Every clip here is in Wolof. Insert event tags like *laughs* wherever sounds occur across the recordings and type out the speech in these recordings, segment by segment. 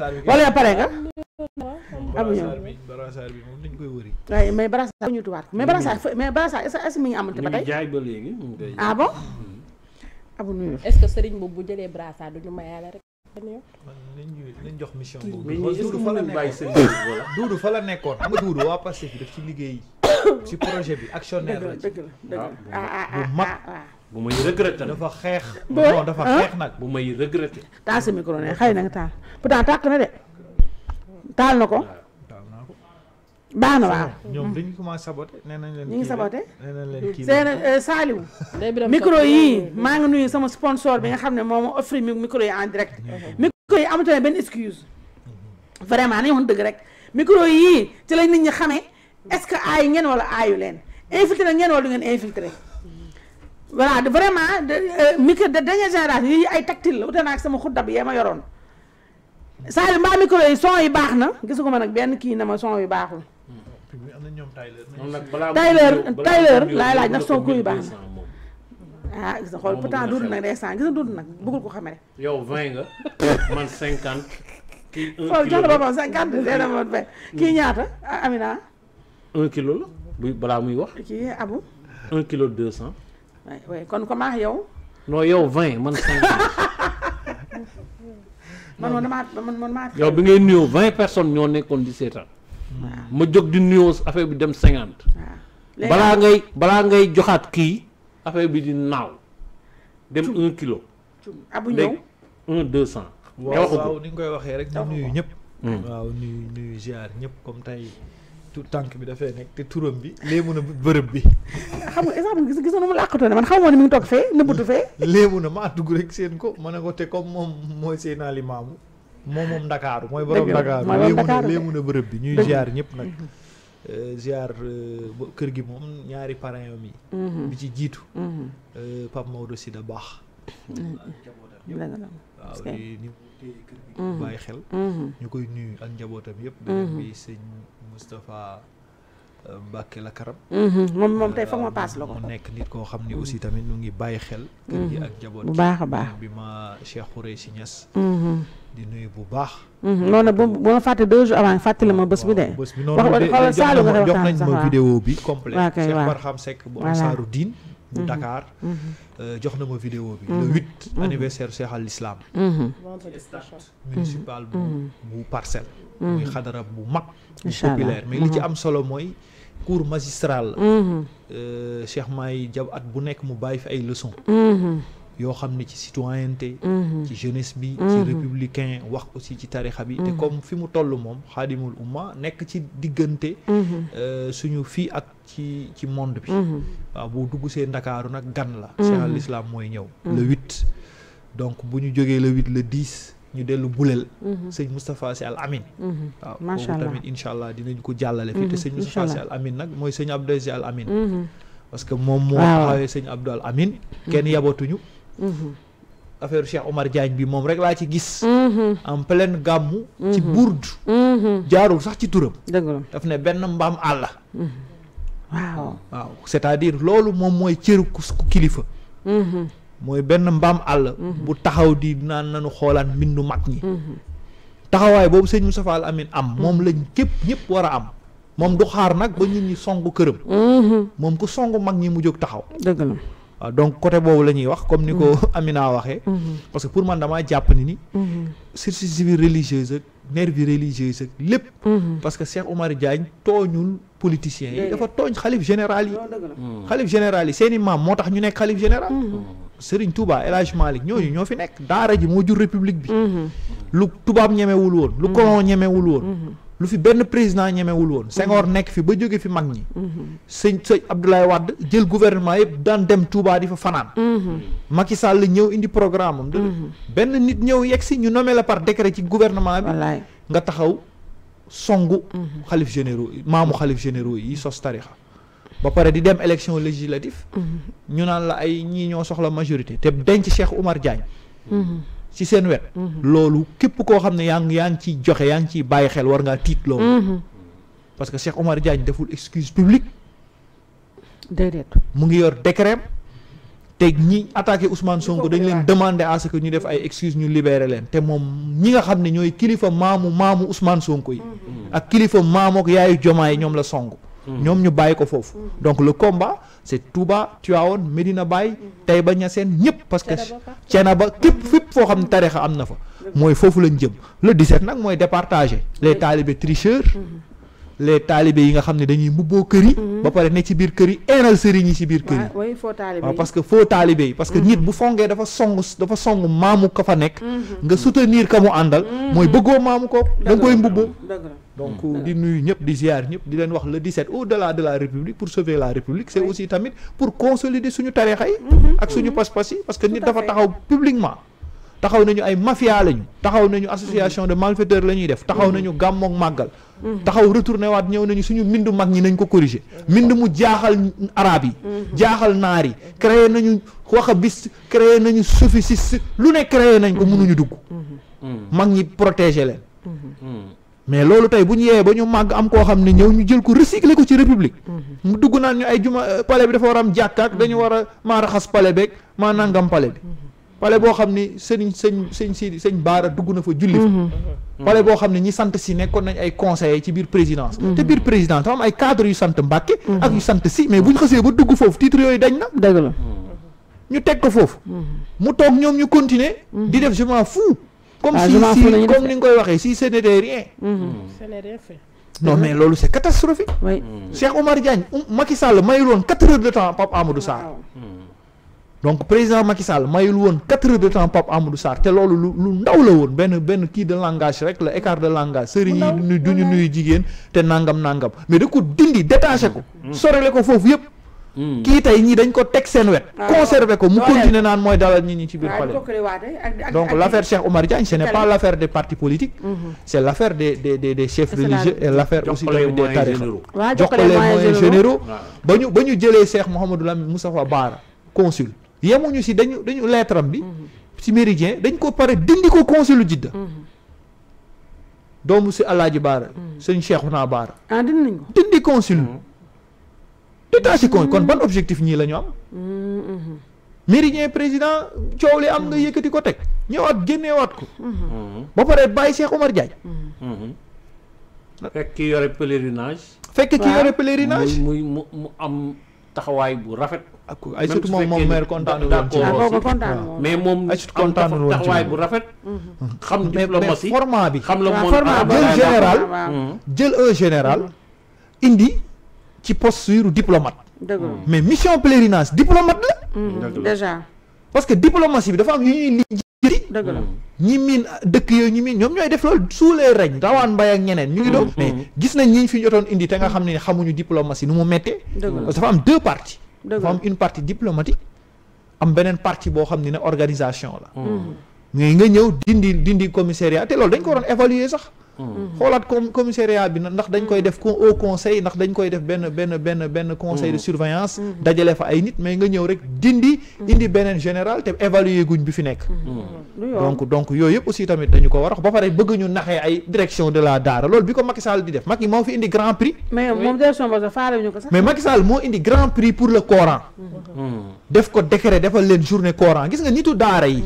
wala pare nga. amuñu brassard bi moom dañ koy wëri. waaye mais brassard ñu tuwaat mais brassard mais brassard est-ce que mi ngi amante ba tey. jaay ba léegi ah bon. Mm-hmm. abu nuyu est-ce que sëriñ boobu bu jëlee brassard du jox mission boobu. duudu *coughs* fa la nekkoon duudu fa la nekkoon am nga duudu waa Pastef bi daf ci liggéey *coughs* ci projet bi actionnaire na ci. *coughs* dëgg la bu may regretté dafa xeex. non dafa ah? xeex nag bu may regretté. taal sa micro ne xëy nanga nga taal pourtant tàkk na de. taal na ko. baax na waaw. ñoom dañu commencé saboté nee nañ leen. ñu ngi saboté nee euh, micro yii maa ngi nuyu sama sponsor bi nga xam ne moom ma offrir micro yi en direct. Mhm. micro yi amatoo benn excuse. vraiment nañu wax dëgg rek micro yii ci lañ nit ñi xamee est-ce que aayu ngeen wala aayu leen infiltré ngeen wala du ngeen infiltré. de vraiment euh, micro de dernière génération ay tactile la ute naa ak sama xudda bi yee ma yoroon Saliou mbaa micro yi son yi baax na gisu ko gisuma nag benn kii na ma son yu baaxul. Taylor Taylor laay laaj ndax son kuy baax na. ah gis nga xool pourtant duudu nag day sànq gis nga duudu nag bëggul ko xam rek. yow vingt nga man cinquante. kii un kilo xool jox la boppam cinquante kii ñaata ah, Amina. un kilo la buy balaa muy wax. kii Abu. un kilo deux cent. Ouais, kon ko maax yow. non yow 20 man 50. man man maa man man maa. bi ngay nuyoo 20 personnes ñoo nekkoon di seetaan. À. ma jóg di nuyoo affaire bi dem 50. À. balaa ngay balaa ngay joxaat kii affaire bi di naaw. dem 1 kilo. abu ñëw un deux cent. waaw waaw ni nga koy waxee rek di nuyu ñëpp. Hmm. waaw nuyu nuyu ziar ñëpp comme tey. tout tànk bi dafay nekk te turam bi léemu na bërëb bi. xam nga exemple gis gis na nu mu làkkatoo ne man xam nga ne mi ngi toog fee nëbbatu fee. léemu na maa dugg rek seen ko ma ne ko te comme moom mooy seen alimaamu moom moom Ndakaaru mooy borom Ndakaaru léemu na bërëb bi ñuy ziar ñëpp nag. Mhm. Euh, ziar euh, kër gi moom ñaari parrain yi. Mhm. bi ci jiitu. Mhm. Euh, Pape Maodo Sy da baax. téye kër gi. Mm-hmm. bàyyi xel. Mm-hmm. ñu koy nuyu ak njabootam yëpp. Mm-hmm. beneen bi sëñ Moustapha euh, Mbacke la karam. moom moom tey euh, foog ma paas la ko. mu nekk nit koo xam ni aussi tamit mu ngi bàyyi xel. kër gi ak njaboot bu baax a baax bi ma Cheikh Khoureychi Niass. di nuyu bu baax. non bu ma fàtte deux jours avant fàttali ma bés bi de. bés bi noonu de jox nañ ma vidéo bi complet. waaw kay waaw bu am saaru diin. bu mmh. Dakar. Mmh. Mmh. Euh, jox na ma vidéo bi. le 8 anniversaire Cheikh Al Islam. stade municipal bu bu parcelle. muy xadara bu mag. bu populaire mais li ci am solo mooy. cours magistral. Euh, Cheikh May Diab at bu nekk mu bàyyi fi ay leçons. yoo xam ne ci citoyenneté mhm. ci jeunesse bi ci mhm. républicain wax aussi ci tarixa bi te mhm. comme fi mu toll moom xaadimul umma nekk ci diggante euh, suñu fii ak ci ci monde bi waaw boo dugg see ndakaaru nag gan la cheikh al mooy ñëw le huit donc bu ñu jógee le huit le dix ñu dellu buleel sëñ Moustapha Sy Al Amin waaw macha tamit incha allah dinañ ko jàllale fii te sëñ Moustapha Sy Al Amin nag mooy sëñ Abdou Sy Al Amin parce que moom moo taxawee sëñ Al Amin kenn Mm-hmm. affaire Cheikh Omar Diagne bi mom rek la ci gis. Mm-hmm. en pleine -hmm. ci -hmm. jaarul sax ci turam. daf ne allah mm -hmm. wow wow c'est-à-dire lolu mom moy cëru ku kilifa. mbam allah mm -hmm. bu taxaw di nan nañu xolan mbindu mag ñi. taxaway bobu sëñ Moustapha Al amin am. moom lañ kep ñep wara am. mom du xaar nak ba ñun ñi songu -hmm. mom ku songu mag ñi mu jog taxaw. dëgg waaw euh, donc côté boobu la ñuy wax comme ni ko mm-hmm. *laughs* Amina waxee. Mm-hmm. parce que pour man damaa jàpp ni ni. Mm-hmm. service civil religieuse ak nervi religieuse ak lépp. parce que Cheikh Oumar Diagne tooñul politiciens yi dafa tooñ xalif général yi. Mm. xalif général yi seen i maam moo tax ñu nekk xalif général. Serigne Touba élagement Hadj ñoo ñooñu ñoo fi nekk daara ji moo jur république bi. lu tubaab ñemewul woon. lu colon ñemewul woon. lu fi benn président ñemewul woon Senghor nekk fi ba jóge fi mag ñi sëñ sëñ Abdoulaye Wade jël gouvernement yëpp daan dem Touba di fa fanaan Macky Sall ñëw indi programme am benn nit ñëw yegg si ñu nommé la par décret ci gouvernement bi nga taxaw songu xalif généraux maamu xalif généraux yi sos tarixa ba pare di dem élection législative mhm. ñu naan la ay ñii ñoo soxla majorité te denc Cheikh Oumar Diagne ci seen wet mhm. loolu képp koo xam ne yaa ngi yaa ngi ciy joxe yaa ngi ciy bàyyi xel war ngaa tiit loolu mhm. parce que Cheikh Omar Diagne deful excuse publique déedéet mu ngi yor décret te ñi attaqué Ousmane sonk dañu leen demander à ce que ñu def ay excuse ñu libéré leen te moom ñi nga xam ne ñooy kilifa maamu maamu Ousmane sonk yi mhm. ak kilifa maamook yaayu jomaa yi ñoom la song Mm-hmm. ñom ñu bayiko fofu mm-hmm. donc le combat c'est Touba Tivaouane Medina Baye mm-hmm. Tayba Niassène ñep parce que Thiénaba képp fépp fo xam ne tarixa am fa moy fofu lañ jëm le 17 nak moy départager les talibés tricheurs les taalibe yi nga xam ne dañuy mbubboo kër yi mm-hmm. ba pare ne ci biir kër yi eenal sëriñ yi ci biir kër yi waaw parce que faux taalibe yi parce que nit mm-hmm. bu fongee dafa song dafa song maamu fa nekk mm-hmm. nga soutenir ka mu àndal mooy bëggoo maamu ko da nga koy mbubboo donc di nuyu ñëpp di ziar ñëpp di leen wax le 17 au delà de la république pour sauver la république c'est aussi tamit pour consolider suñu tarixa yi ak suñu pas-pas yi parce que nit dafa taxaw publiquement taxaw nañu ay mafia lañu taxaw nañu association de malfaiteurs la ñuy def taxaw mm-hmm. nañu gàmmook màggal mm-hmm. taxaw retourné waat ñëw nañu suñu mbindu mag ñi nañ ko corriger mbind mu jaaxal arab yi mm-hmm. jaaxal naar yi créé nañu waxabist créé nañu sophiste lu ne créé nañ ko mënuñu dugg mag ñi protéger leen mais loolu tey bu ñu yeewee ba ñu màgg am koo xam ne ñëw ñu jël ko recycler ko ci république mu dugg naan ñu ay juma euh, palais bi dafa war am jàkkaak dañu war a maa raxas palais maa nangam palais pale bo xamni ni sëñ sëñ sidi si bara duguna fa julli fa mhm. mhm. bo xamni ñi sante si nekkon nañ ay conseillers ci biir présidence mhm. te biir présidence dafa am ay cadres yu sante Mbàkke ak yu sante si mais buñ ñu ba dugg fofu titre yoy dañ na dëgg la ñu teg ko fofu mu tok ñom ñu continuer di def je m'en fous comme ah, si comme ni nga koy waxee si ce n'était rien ce n'est rien fait non mais lolu c'est catastrophique Cheikh Omar Diagne Macky Sall mayu 4 heures de temps Pape Amadou Sarr donc président Macky Sall mayul won 4 heures de temps Pape Amadou Sarr té lolu lu lu ndaw la won ben ben ki de langage rek la écart de langage sëriñ yi du ñu nuyu jigen té nangam nangam mais de ko dindi détacher ko mm, mm. sorele ko fofu yépp mm. ki tay ñi dañ ko tek sen wet conserver ko mu continuer nan moy dalal ñi ñi ci bir palais donc l'affaire Cheikh Omar Diagne ce n'est pas l'affaire des partis politiques mm-hmm. c'est l'affaire des des des des chefs religieux et l'affaire aussi tamit des tarixa jox ko les moyens généraux bañu bañu jëlé Cheikh Mohamedou Lamine Moustapha Bara consul yemuñu si dañu dañu lettre bi. Mhm. si méridien dañ ko pare dindi ko consul Jidda. Mhm. doomu si Alaaji Baara. Mhm. sëñ naa Baara. ah dindi nañ ko dindi kon ban objectif ñi lañu am. méridien président coow li am nga yëkkati ko teg ñëwaat génneewaat ko. ba pare bàyyi Cheikh Omar fekk ki yore pèlerinage. fekk ki yore pèlerinage muy mu mu am taxawaay bu rafet. Je suis mais suis content de bu rafet Je suis format bi général général diplomate mais mission pèlerinage diplomate mhm, déjà parce que diplomatie dafa am mhm. ñi ñi sous les règles. mbay ak ñeneen ngi mhm. mais gis nañ ñi fi indi nga diplomatie deux parties dafa am une partie diplomatique am beneen partie boo xam ne ne organisation la. Hmm. Hmm. mais nga ñëw dindi dindi commissariat te loolu dañ ko waroon évaluer sax. Hmm. xoolaat comme commissariat bi na ndax dañ koy hmm. def au conseil ndax dañ koy def benn benn benn benn conseil de hmm. surveillance dajale fa ay nit mais nga ñëw rek dindi indi beneen général te évaluer guñ bi fi nekk donc donc yooyu aussi tamit dañu ko war ba pare bëgg ñu naxé ay direction de la daara lool bi ko Macky Sall di def Macky mo fi indi grand prix mais moom direction ba faalé ñu ko sax mais Macky Sall moo indi grand prix pour le Coran def ko décret defal leen journée Coran gis nga nitu daara yi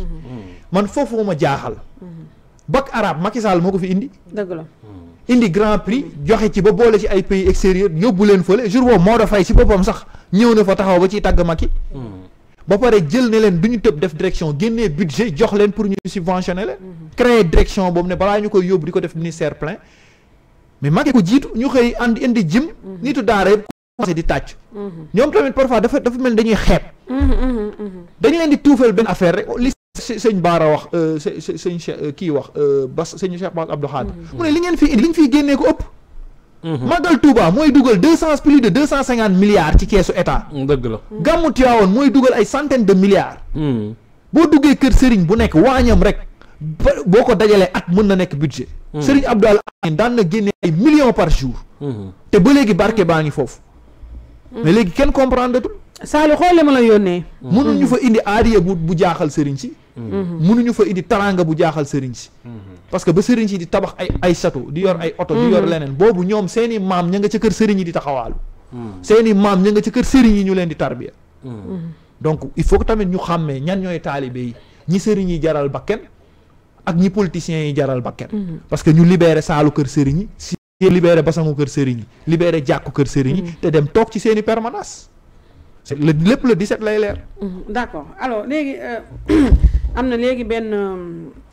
man fofu ma jaaxal bac arabe Macky Sall moo fi indi. dëgg la hmm. indi grand prix joxe ci ba boole ci ay pays extérieur yóbbu leen fële jour boobu Maodo fay ci bopam sax ñew na fa taxaw ba ci tag Macky. Hmm. ba pare jël ne len duñu ñu def direction génnee budget jox len pour ñu subventionné leen. Hmm. créer direction boobu ne balaa ñu koy yóbbu diko def ministère plein mais Macky ko jiitu ñu xey and indi jim. nitu daara yëpp commencé di tàcc. ñom tamit parfois dafa dafa mel dañuy xép dañ leen di tuufeel benn affaire rek li sëñ Baara wax euh, sëñ Cheikh euh, kii wax euh, Bas sëñ Cheikh Bass Abdou Khadre mm-hmm. mu ne li ngeen fi indi li ñu fiy génnee ko ëpp mm-hmm. Magal Touba mooy dugal deux cent plus de deux cent cinquante milliards ci keesu état mm, dëgg la mm-hmm. gàmmu Tiwaawoon mooy dugal ay centaines de milliards boo duggee kër sëriñ bu nekk waañam rek boo ko dajalee at mën na nekk budget sëriñ Abdou Aline daan na génne ay millions par jour te ba léegi barke baa ngi foofu mais léegi kenn comprendre salu xol li ma yone. yónnee. Mm-hmm. fa indi aadiya bu bu jaaxal ci munu ñu fa indi taranga bu jaaxal sëriñ ci mm-hmm. parce que ba sëriñ ci di tabax ay ay château di yor ay seni di yor mm-hmm. lenen bobu ñom seeni mam ñinga ci kër sëriñ yi di taxawal seeni mam ñinga ci kër ñu leen di tarbiya. donc il faut que tamit ñu xamé ñan ñoy talibé yi ñi sëriñ yi jaral bakken ak ñi politiciens yi jaral bakken. parce que ñu libéré salu kër sëriñ yi si libéré basangu kër sëriñ yi libéré kër yi dem tok ci seeni permanence c'est le lépp le set lay leer. d'accord alors léegi euh, *clears throat* am na léegi benn. Euh,